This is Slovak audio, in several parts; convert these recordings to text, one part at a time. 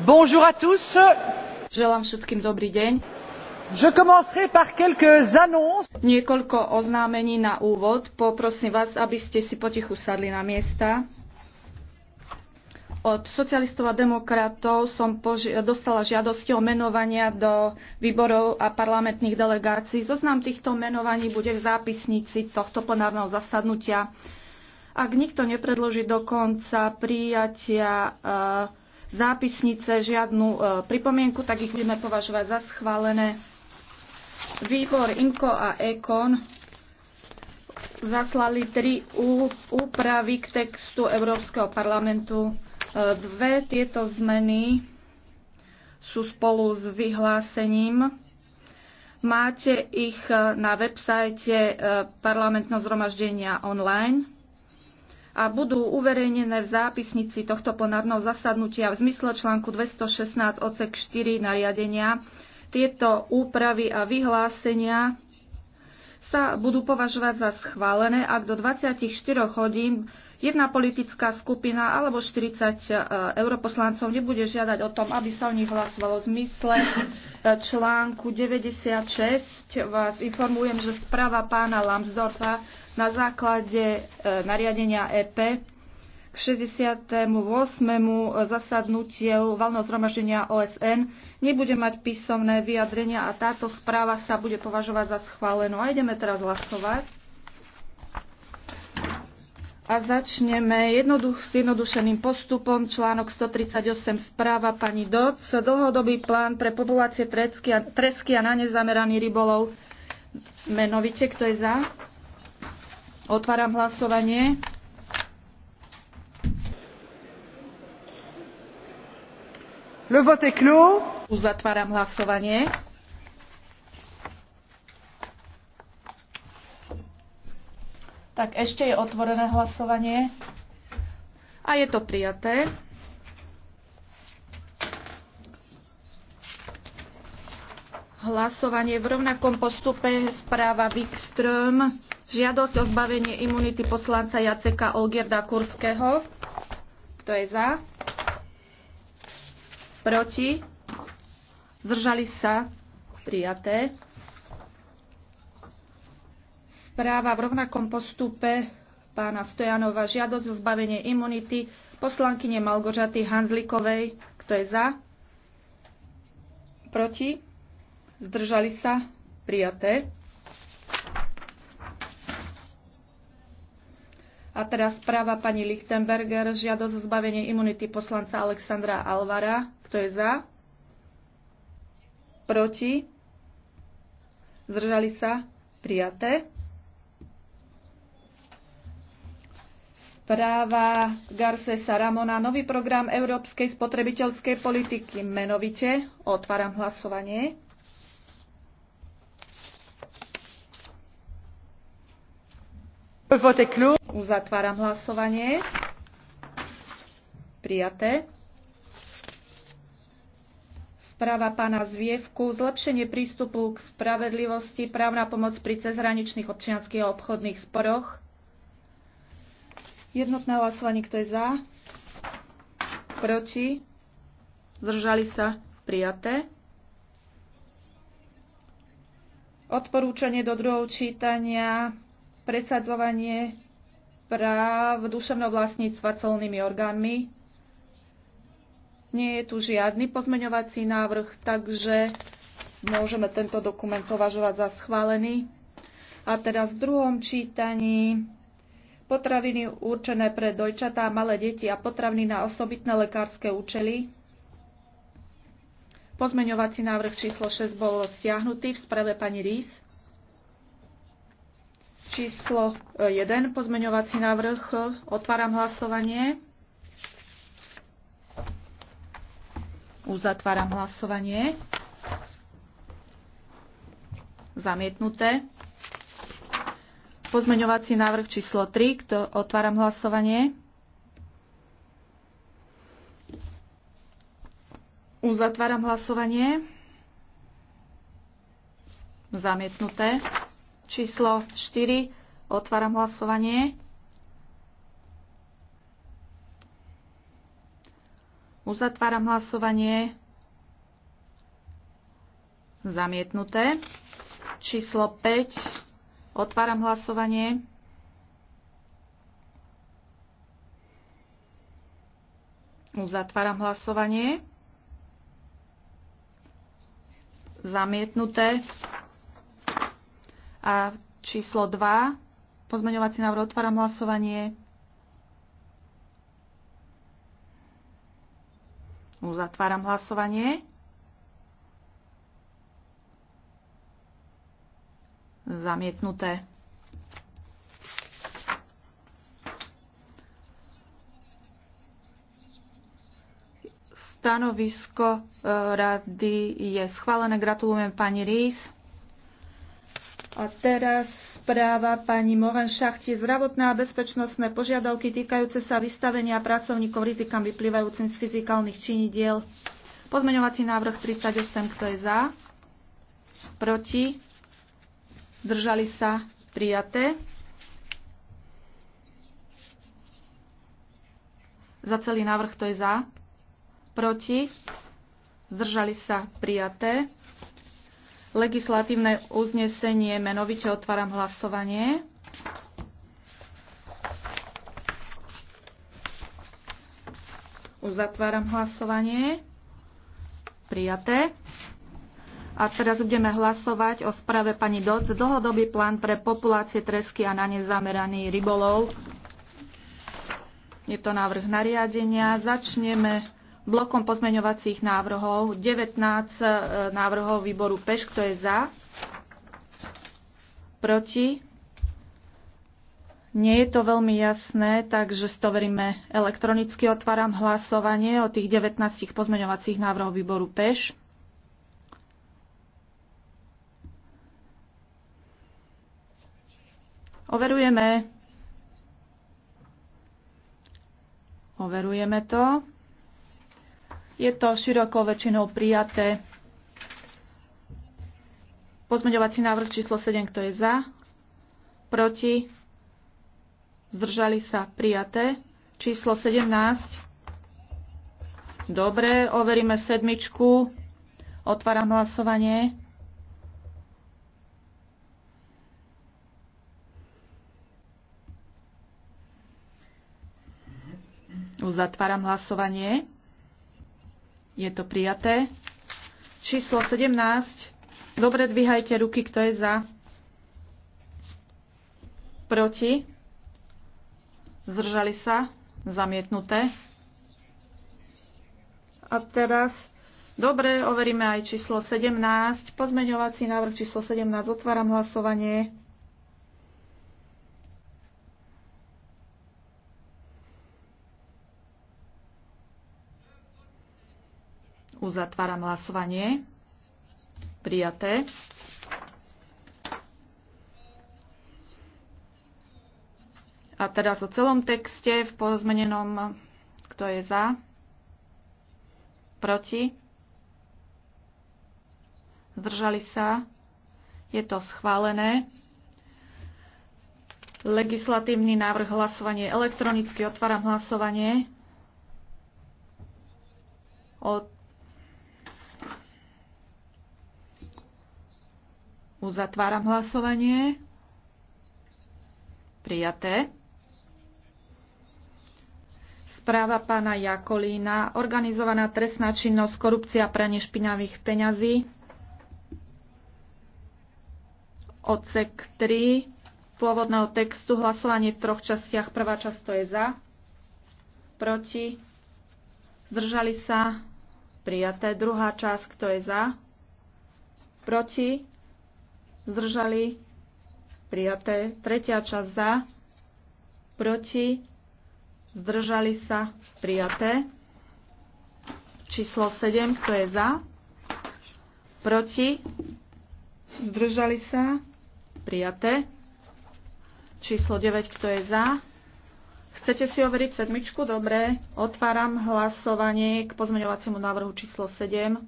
Bonjour à tous. Želám všetkým dobrý deň. Je commencerai par quelques annonces. Niekoľko oznámení na úvod. Poprosím vás, aby ste si potichu sadli na miesta. Od socialistov a demokratov som dostala žiadosti o menovania do výborov a parlamentných delegácií. Zoznam týchto menovaní bude v zápisnici tohto plenárneho zasadnutia. Ak nikto nepredloží do konca prijatia uh, zápisnice žiadnu e, pripomienku, tak ich budeme považovať za schválené. Výbor INKO a EKON zaslali tri úpravy k textu Európskeho parlamentu. E, dve tieto zmeny sú spolu s vyhlásením. Máte ich na websajte e, parlamentného zhromaždenia online a budú uverejnené v zápisnici tohto plenárneho zasadnutia v zmysle článku 216 odsek 4 nariadenia. Tieto úpravy a vyhlásenia sa budú považovať za schválené, ak do 24 hodín jedna politická skupina alebo 40 e, europoslancov nebude žiadať o tom, aby sa o nich hlasovalo v zmysle e, článku 96. Vás informujem, že správa pána Lambsdorfa na základe e, nariadenia EP k 68. zasadnutiu valného zhromaždenia OSN nebude mať písomné vyjadrenia a táto správa sa bude považovať za schválenú. A ideme teraz hlasovať. A začneme jednoduch, s jednodušeným postupom. Článok 138 správa pani Doc. Dlhodobý plán pre populácie tresky a, tresky a na nezameraný rybolov. Menovite, kto je za? Otváram hlasovanie. Le vote est clos. Uzatváram hlasovanie. Tak ešte je otvorené hlasovanie. A je to prijaté. Hlasovanie v rovnakom postupe správa Wikström. Žiadosť o zbavenie imunity poslanca Jaceka Olgierda Kurského. Kto je za? Proti? Zdržali sa? Prijaté. Správa v rovnakom postupe pána Stojanova žiadosť o zbavenie imunity poslankyne Malgožaty Hanzlikovej. Kto je za? Proti? Zdržali sa? Prijaté. A teraz správa pani Lichtenberger, žiadosť o zbavenie imunity poslanca Alexandra Alvara. Kto je za? Proti? Zdržali sa? Prijaté. Správa Garcesa Ramona, nový program európskej spotrebiteľskej politiky. Menovite otváram hlasovanie. Uzatváram hlasovanie. Prijaté. Správa pána Zvievku. Zlepšenie prístupu k spravedlivosti, právna pomoc pri cezhraničných občianských a obchodných sporoch. Jednotné hlasovanie, kto je za? Proti? Zdržali sa? Prijaté. Odporúčanie do druhého čítania presadzovanie práv duševného vlastníctva colnými orgánmi. Nie je tu žiadny pozmeňovací návrh, takže môžeme tento dokument považovať za schválený. A teraz v druhom čítaní potraviny určené pre dojčatá, malé deti a potraviny na osobitné lekárske účely. Pozmeňovací návrh číslo 6 bol stiahnutý v sprave pani Rís. Číslo 1, e, pozmeňovací návrh. Otváram hlasovanie. Uzatváram hlasovanie. Zamietnuté. Pozmeňovací návrh číslo 3, kto otváram hlasovanie. Uzatváram hlasovanie. Zamietnuté číslo 4. Otváram hlasovanie. Uzatváram hlasovanie. Zamietnuté. Číslo 5. Otváram hlasovanie. Uzatváram hlasovanie. Zamietnuté. A číslo 2, pozmeňovací návrh, otváram hlasovanie. Uzatváram hlasovanie. Zamietnuté. Stanovisko eh, rady je schválené. Gratulujeme pani Rís. A teraz správa pani Moren Šachtie. Zdravotné a bezpečnostné požiadavky týkajúce sa vystavenia pracovníkov rizikám vyplývajúcim z fyzikálnych činidiel. Pozmeňovací návrh 38, kto je za? Proti? držali sa? Prijaté. Za celý návrh, kto je za? Proti? Zdržali sa? Prijaté legislatívne uznesenie. Menovite otváram hlasovanie. Uzatváram hlasovanie. Prijaté. A teraz budeme hlasovať o správe pani Doc, dlhodobý plán pre populácie tresky a na ne zameraný rybolov. Je to návrh nariadenia. Začneme blokom pozmeňovacích návrhov. 19 e, návrhov výboru PEŠ, kto je za, proti. Nie je to veľmi jasné, takže si to veríme elektronicky. Otváram hlasovanie o tých 19 pozmeňovacích návrhov výboru PEŠ. Overujeme. Overujeme to. Je to širokou väčšinou prijaté. Pozmeňovací návrh číslo 7, kto je za, proti, zdržali sa prijaté. Číslo 17. Dobre, overíme sedmičku. Otváram hlasovanie. Uzatváram hlasovanie. Je to prijaté. Číslo 17. Dobre, dvíhajte ruky, kto je za. Proti. Zdržali sa. Zamietnuté. A teraz Dobre, overíme aj číslo 17. Pozmeňovací návrh číslo 17. Otváram hlasovanie. Uzatváram hlasovanie. Prijaté. A teraz o celom texte v pozmenenom, kto je za, proti, zdržali sa, je to schválené. Legislatívny návrh hlasovanie elektronicky, otváram hlasovanie. Od Uzatváram hlasovanie. Prijaté. Správa pána Jakolína. Organizovaná trestná činnosť, korupcia, pranie špinavých peňazí. Odsek 3 pôvodného textu. Hlasovanie v troch častiach. Prvá časť to je za. Proti. Zdržali sa. Prijaté. Druhá časť, kto je za? Proti? zdržali, prijaté. Tretia časť za, proti, zdržali sa, prijaté. Číslo 7, kto je za, proti, zdržali sa, prijaté. Číslo 9, kto je za, Chcete si overiť sedmičku? Dobre. Otváram hlasovanie k pozmeňovaciemu návrhu číslo 7.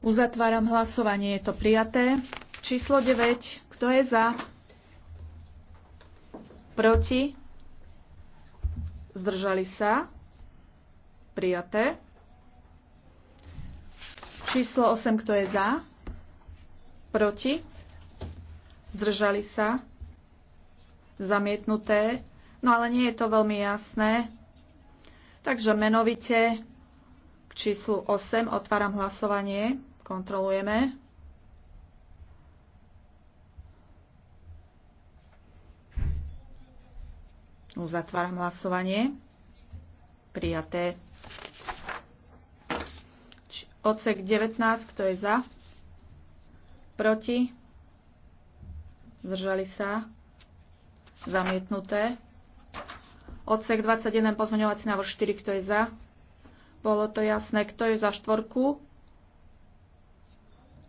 Uzatváram hlasovanie, je to prijaté. Číslo 9. Kto je za? Proti? Zdržali sa? Prijaté. Číslo 8. Kto je za? Proti? Zdržali sa? Zamietnuté. No ale nie je to veľmi jasné. Takže menovite k číslu 8 otváram hlasovanie. Kontrolujeme. Uzatváram hlasovanie. Prijaté. Odsek 19, kto je za? Proti? Zdržali sa? Zamietnuté. Odsek 21, pozmeňovací návrh 4, kto je za? Bolo to jasné. Kto je za štvorku?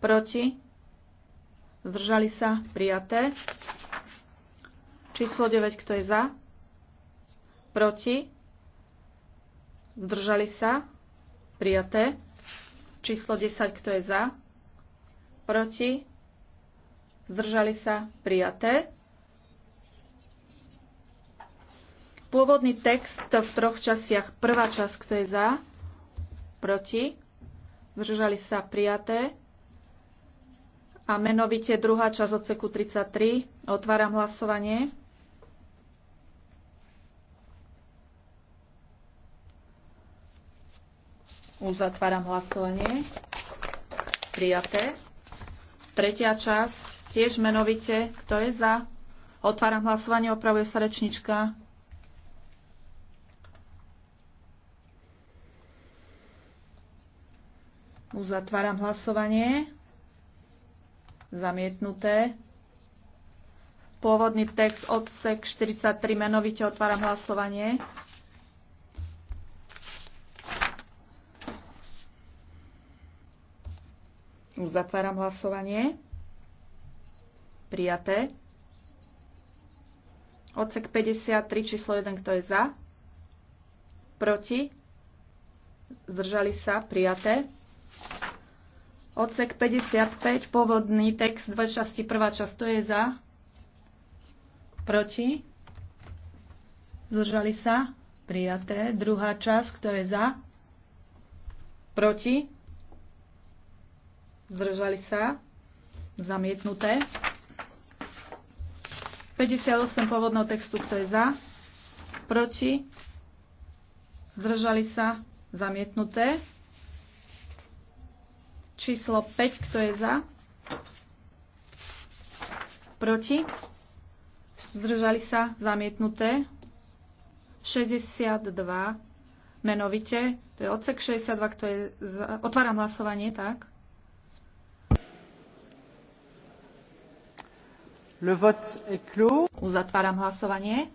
Proti? Zdržali sa? Prijaté. Číslo 9. Kto je za? Proti? Zdržali sa? Prijaté. Číslo 10. Kto je za? Proti? Zdržali sa? Prijaté. Pôvodný text v troch časiach. Prvá časť, kto je za? proti, zdržali sa prijaté. A menovite druhá časť odseku 33. Otváram hlasovanie. Uzatváram hlasovanie. Prijaté. Tretia časť, tiež menovite. Kto je za? Otváram hlasovanie, opravuje sa rečnička. Uzatváram hlasovanie. Zamietnuté. Pôvodný text odsek 43 menovite otváram hlasovanie. Uzatváram hlasovanie. Prijaté. Odsek 53 číslo 1, kto je za? Proti? Zdržali sa? Prijaté. Odsek 55, pôvodný text, dve časti, prvá časť, to je za, proti, zdržali sa, prijaté. Druhá časť, kto je za, proti, zdržali sa, zamietnuté. 58 pôvodného textu, kto je za, proti, zdržali sa, zamietnuté. Číslo 5, kto je za? Proti? Zdržali sa zamietnuté. 62 menovite. To je odsek 62, kto je za... Otváram hlasovanie, tak? Le vote est clos. Uzatváram hlasovanie.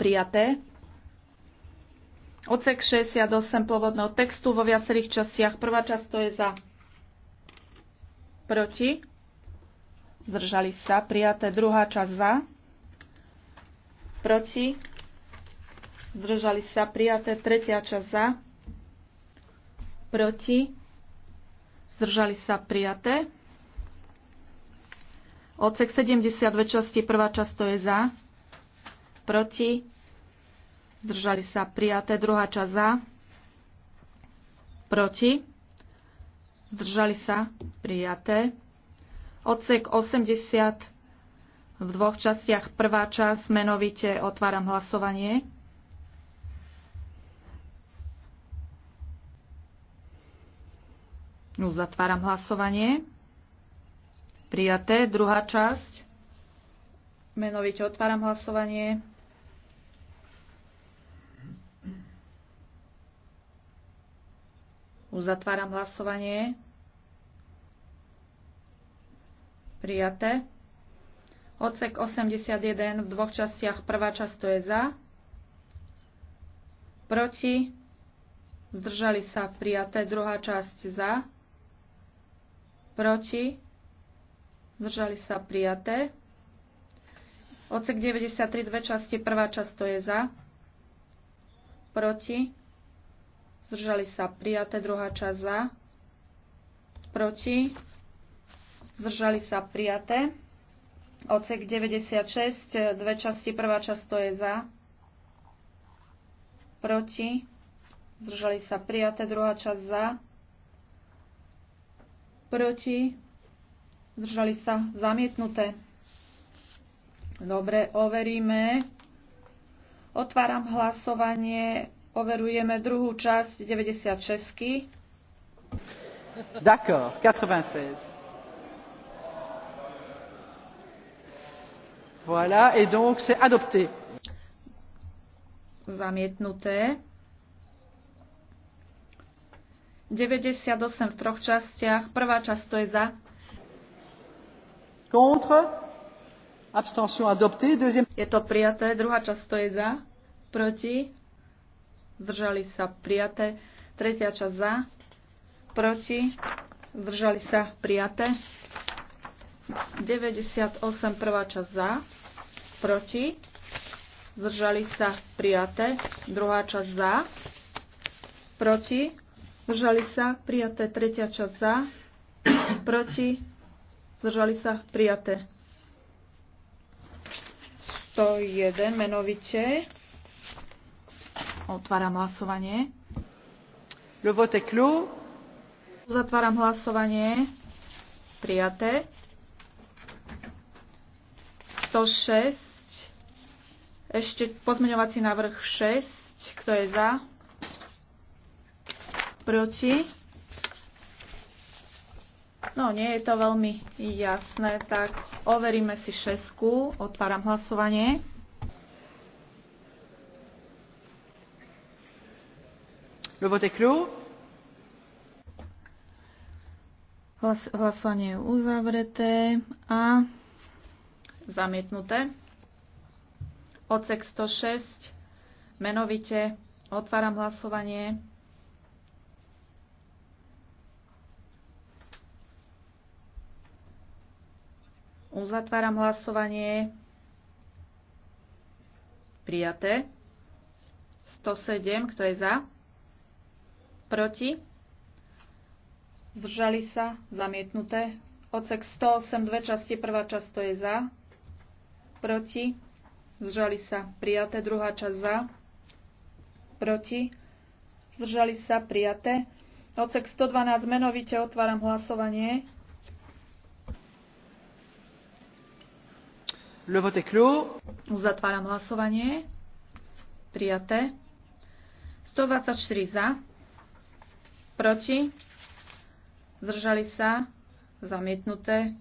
Prijaté. Odsek 68 pôvodného textu vo viacerých častiach. Prvá časť to je za. Proti. Zdržali sa. Prijaté. Druhá časť za. Proti. Zdržali sa. Prijaté. Tretia časť za. Proti. Zdržali sa. Prijaté. Odsek 72 časti. Prvá časť to je za. Proti zdržali sa prijaté, druhá časť za, proti, zdržali sa prijaté. Odsek 80 v dvoch častiach. Prvá časť menovite otváram hlasovanie. Zatváram hlasovanie. Prijaté. Druhá časť. Menovite otváram hlasovanie. Uzatváram hlasovanie. Prijaté. Odsek 81 v dvoch častiach. Prvá časť to je za. Proti. Zdržali sa prijaté. Druhá časť za. Proti. Zdržali sa prijaté. Odsek 93, dve časti, prvá časť to je za, proti, zdržali sa prijaté, druhá časť za, proti, zdržali sa prijaté. Ocek 96, dve časti, prvá časť to je za, proti, zdržali sa prijaté, druhá časť za, proti, zdržali sa zamietnuté. Dobre, overíme. Otváram hlasovanie Overujeme druhú časť 96. D'accord, 96. Voilà, et donc c'est adopté. Zamietnuté. 98 v troch častiach. Prvá časť to je za. Contre. Abstention adoptée. Deuxième... Je to prijaté. Druhá časť to je za. Proti zdržali sa prijaté. Tretia časť za, proti, zdržali sa prijaté. 98 prvá časť za, proti, zdržali sa prijaté. Druhá časť za, proti, zdržali sa prijaté. Tretia časť za, proti, zdržali sa prijaté. 101 menovite. Otváram hlasovanie. Le vote est clos. Uzatváram hlasovanie. Prijaté. 106. Ešte pozmeňovací návrh 6. Kto je za? Proti? No, nie je to veľmi jasné, tak overíme si šesku. Otváram hlasovanie. Hlas, hlasovanie je uzavreté a zamietnuté. Odsek 106. Menovite otváram hlasovanie. Uzatváram hlasovanie. Prijaté. 107. Kto je za? proti, zdržali sa, zamietnuté. Odsek 108, dve časti, prvá časť to je za, proti, zdržali sa, prijaté, druhá časť za, proti, zdržali sa, prijaté. Odsek 112, menovite otváram hlasovanie. Le vote clos. Uzatváram hlasovanie. Prijaté. 124 za proti, zdržali sa, zamietnuté.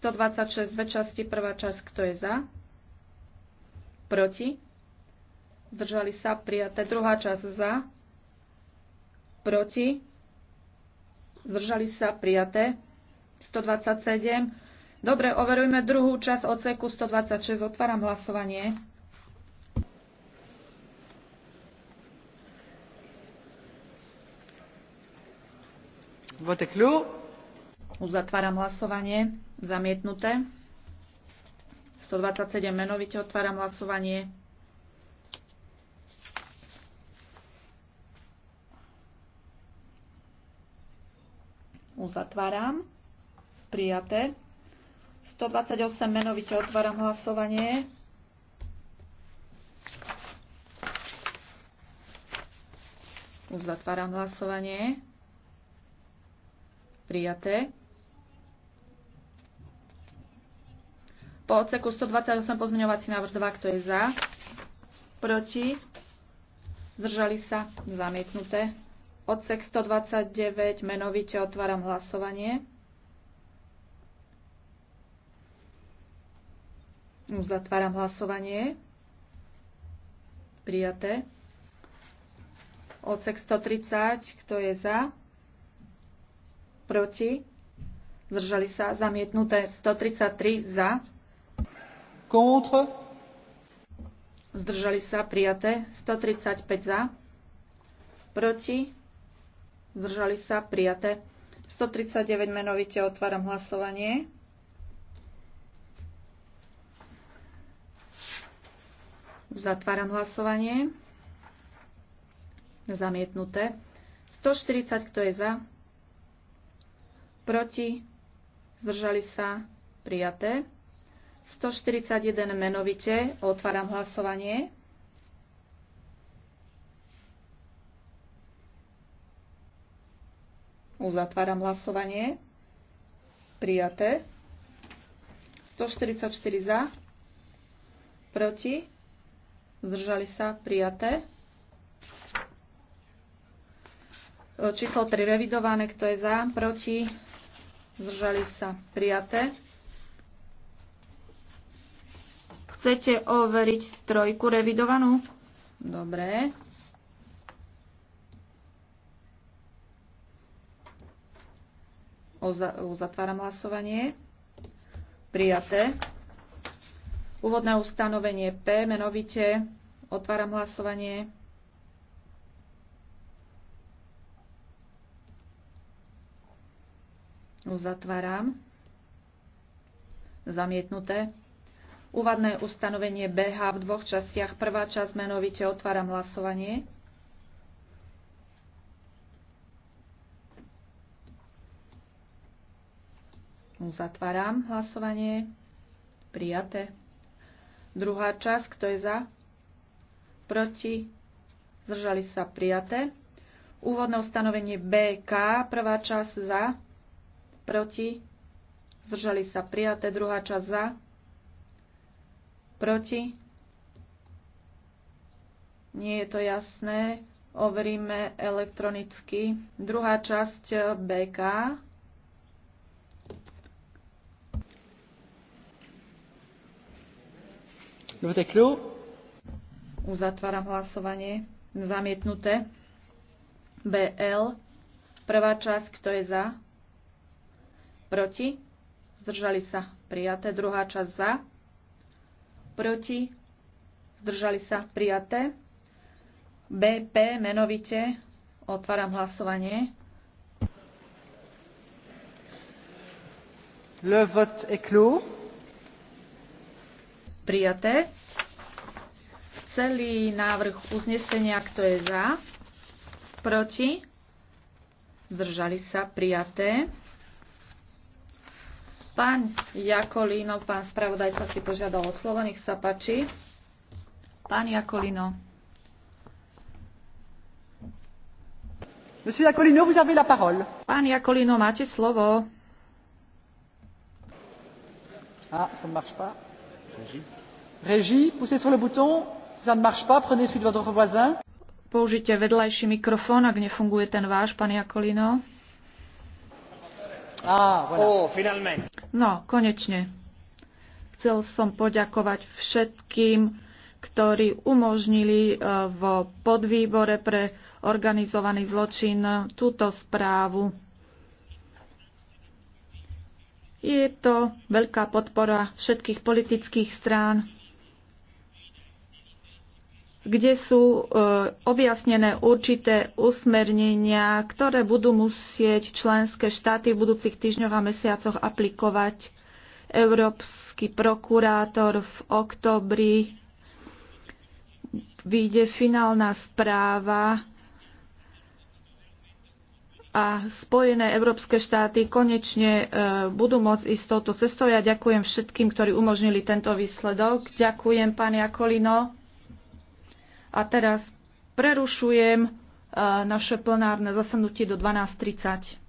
126 dve časti, prvá časť, kto je za, proti, zdržali sa, prijaté. Druhá časť za, proti, zdržali sa, prijaté. 127. Dobre, overujme druhú časť odseku 126. Otváram hlasovanie. Uzatváram hlasovanie. Zamietnuté. 127 menovite otváram hlasovanie. Uzatváram. Prijaté. 128 menovite otváram hlasovanie. Uzatváram hlasovanie. Prijaté. Po odseku 128 pozmeňovací návrh 2, kto je za? Proti? Zdržali sa? Zamietnuté. Odsek 129, menovite otváram hlasovanie. Zatváram hlasovanie. Prijaté. Odsek 130, kto je za? proti, zdržali sa, zamietnuté 133 za, contre, zdržali sa, prijaté 135 za, proti, zdržali sa, prijaté 139 menovite, otváram hlasovanie. Zatváram hlasovanie. Zamietnuté. 140, kto je za? proti, zdržali sa, prijaté. 141 menovite, otváram hlasovanie. Uzatváram hlasovanie. Prijaté. 144 za. Proti. Zdržali sa. Prijaté. Číslo 3 revidované. Kto je za? Proti. Zdržali sa prijaté. Chcete overiť trojku revidovanú? Dobre. Uzatváram hlasovanie. Prijaté. Úvodné ustanovenie P, menovite. Otváram hlasovanie. Uzatváram. Zamietnuté. Úvadné ustanovenie BH v dvoch častiach. Prvá časť menovite otváram hlasovanie. Uzatváram hlasovanie. Prijaté. Druhá časť, kto je za? Proti? Zdržali sa prijaté. Úvodné ustanovenie BK, prvá časť za, proti, zdržali sa prijaté, druhá časť za, proti, nie je to jasné, overíme elektronicky. Druhá časť eh, BK. Uzatváram hlasovanie. Zamietnuté. BL. Prvá časť, kto je za? proti, zdržali sa prijaté, druhá časť za, proti, zdržali sa prijaté. BP menovite, otváram hlasovanie. Le vote est clos. Prijaté. Celý návrh uznesenia, kto je za, proti, zdržali sa prijaté. Pán Jakolino, pán spravodajca si požiadal o slovo, nech sa páči. Pán Jakolino. Monsieur Jacolino, vous avez la parole. Pán Jakolino, máte slovo. Ah, ça ne marche pas. Régie. Régie, poussez sur le bouton. Si ça ne marche pas, prenez celui de votre voisin. Použite vedľajší mikrofón, ak nefunguje ten váš, pán Jakolino. Ah, oh, no, konečne. Chcel som poďakovať všetkým, ktorí umožnili eh, v podvýbore pre organizovaný zločin túto správu. Je to veľká podpora všetkých politických strán kde sú e, objasnené určité usmernenia, ktoré budú musieť členské štáty v budúcich týždňoch a mesiacoch aplikovať. Európsky prokurátor v oktobri vyjde finálna správa a Spojené európske štáty konečne e, budú môcť ísť touto cestou. Ja ďakujem všetkým, ktorí umožnili tento výsledok. Ďakujem, pán Jakolino. A teraz prerušujem e, naše plenárne zasadnutie do 12.30.